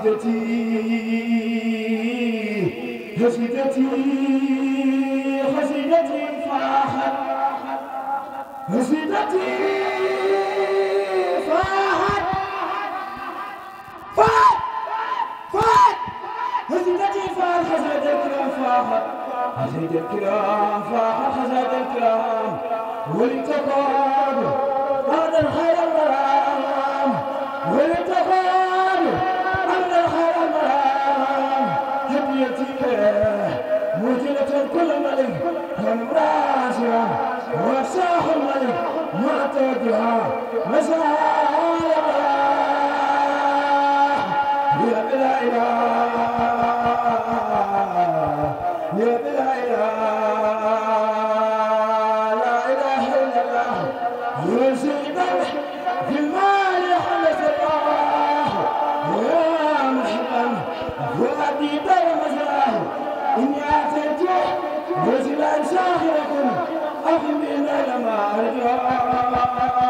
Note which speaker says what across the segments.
Speaker 1: قصيدتي قصيدتي قصيدتي فاحت قصيدتي فاحت فاحت فاحت قصيدتي فاحت خزاد الكرام فاحت خزاد الكرام فاحت خزاد الكرام ولتقاد هذا الخير ساخرة أخذ إلى ما أرجو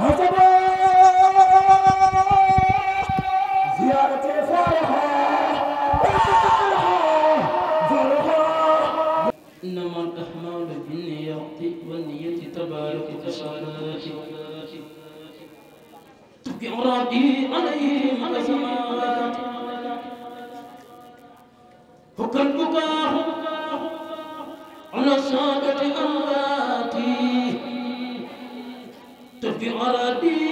Speaker 1: إنما
Speaker 2: الأعمال بالنيات والنية تبارك وتعالى تبقي ربي عليهم السماوات وكالبكاء على الشاكة بغرضي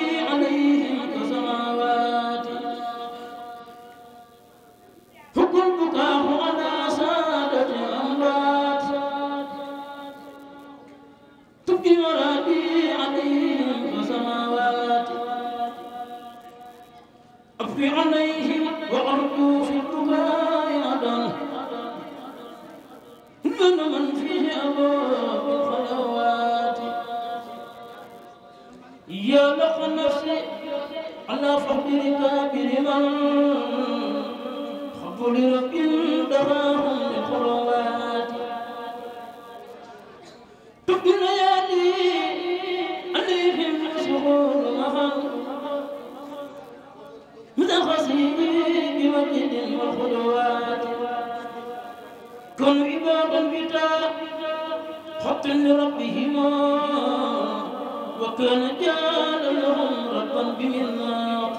Speaker 2: حقا لربهما وكان جعل لهم ربا بمناط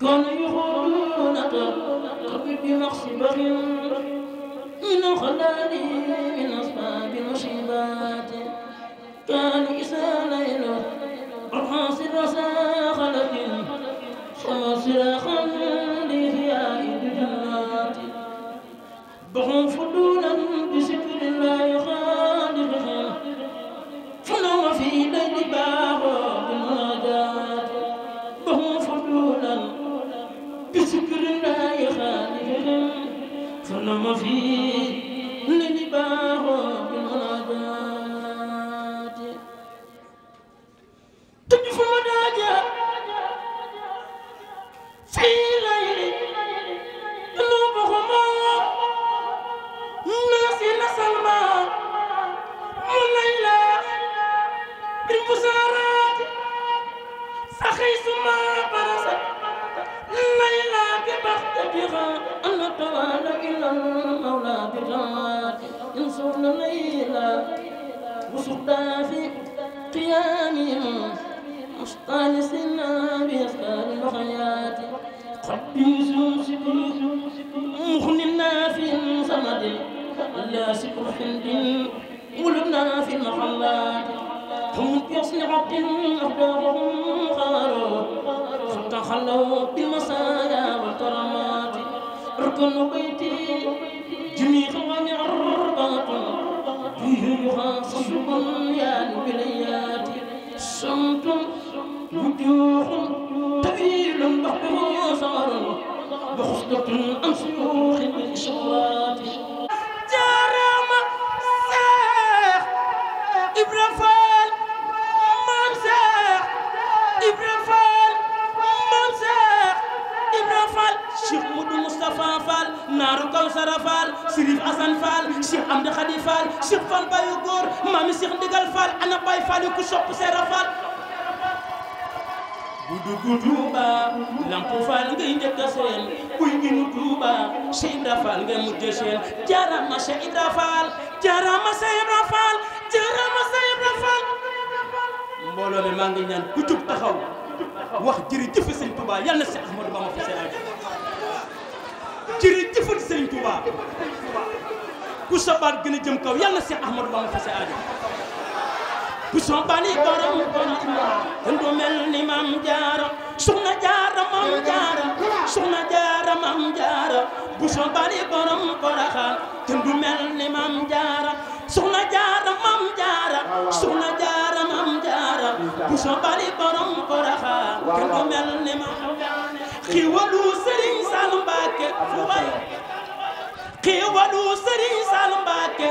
Speaker 2: كانوا يخرجون قبل بمخصبه من خلال من أصحاب المصيبات كانوا إذا ليلوا برحاس رسا خلق صواصر خلق لثياب الجنات بهم فضولا ma fi leni baaxoo bi mën a baate te ñu fa ma daaja
Speaker 1: fii lay noo baxu maa naa si nasal maa mu lay
Speaker 2: laa bir musaaraat sa xëy su maa barasa lay laa bi baxta bi xaa تراد إلا المولى بجاد ينصرنا ليلا وسقافي قيامهم مستانسنا بأسكان الحياة قديس سكر مخن نافي صمد لا سكر حمد ولبنا في المحلات هم يصنع أخبارهم قالوا فتخلوا بالمسايا والكرامات أركن بيتي جميع عربة به يخاف البنيان بليات صمت وجوه طويل بحر صار بخصلة عن شيوخ الإشارات جرم ساح إبراهيم naaru Kawsara Fall Sirif Assane Fall Cheikh Amdi Khadi Fall Cheikh Fall Bayu Góor maami Cheikh Ndigal Fall ana Baye Fall ku sopp Sera Fall guddu guddu ba lampu Fall ngay njëkk a seen kuy inu Tuuba Cheikh Ibra Fall ngay mujj seen jaarama Cheikh Ibra Fall jaarama Cheikh Ibra Fall jaarama Cheikh Ibra Fall mbooloo Serigne Touba ku sa baat gën a jëm kaw yàlla Seex Ahmadu Bamba fa sa aajo ku sa bali borom borom kon du mel ni maam jaara soxna jaara maam jaara soxna jaara maam jaara bu sa bali borom boraxaan kon du mel ni maam jaara soxna jaara maam jaara soxna jaara maam jaara bu sa bali borom boraxaan kon du mel ni maam jaara xiwalu Serigne Sall Mbacke fu waay xéewalu sëriñ Saliou Mbacké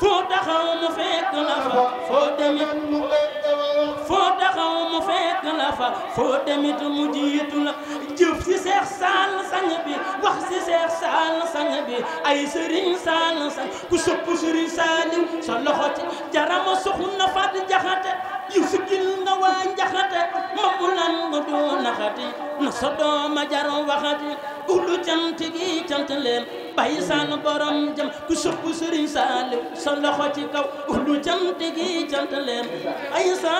Speaker 2: foo taxaw mu fekk la foo demit mu fekk la bi ay sëriñ saal sa ku sopp sëriñ saaliw sa loxo ci jarama soxna fat jaxate yu ma mu lan ma doo naxati na sa dooma jar waxati ulu cant gi cant leen bàyyi saan borom jëm ku sopp sëriñ saaliw sa loxo ci kaw ulu cant gi cant leen bàyyi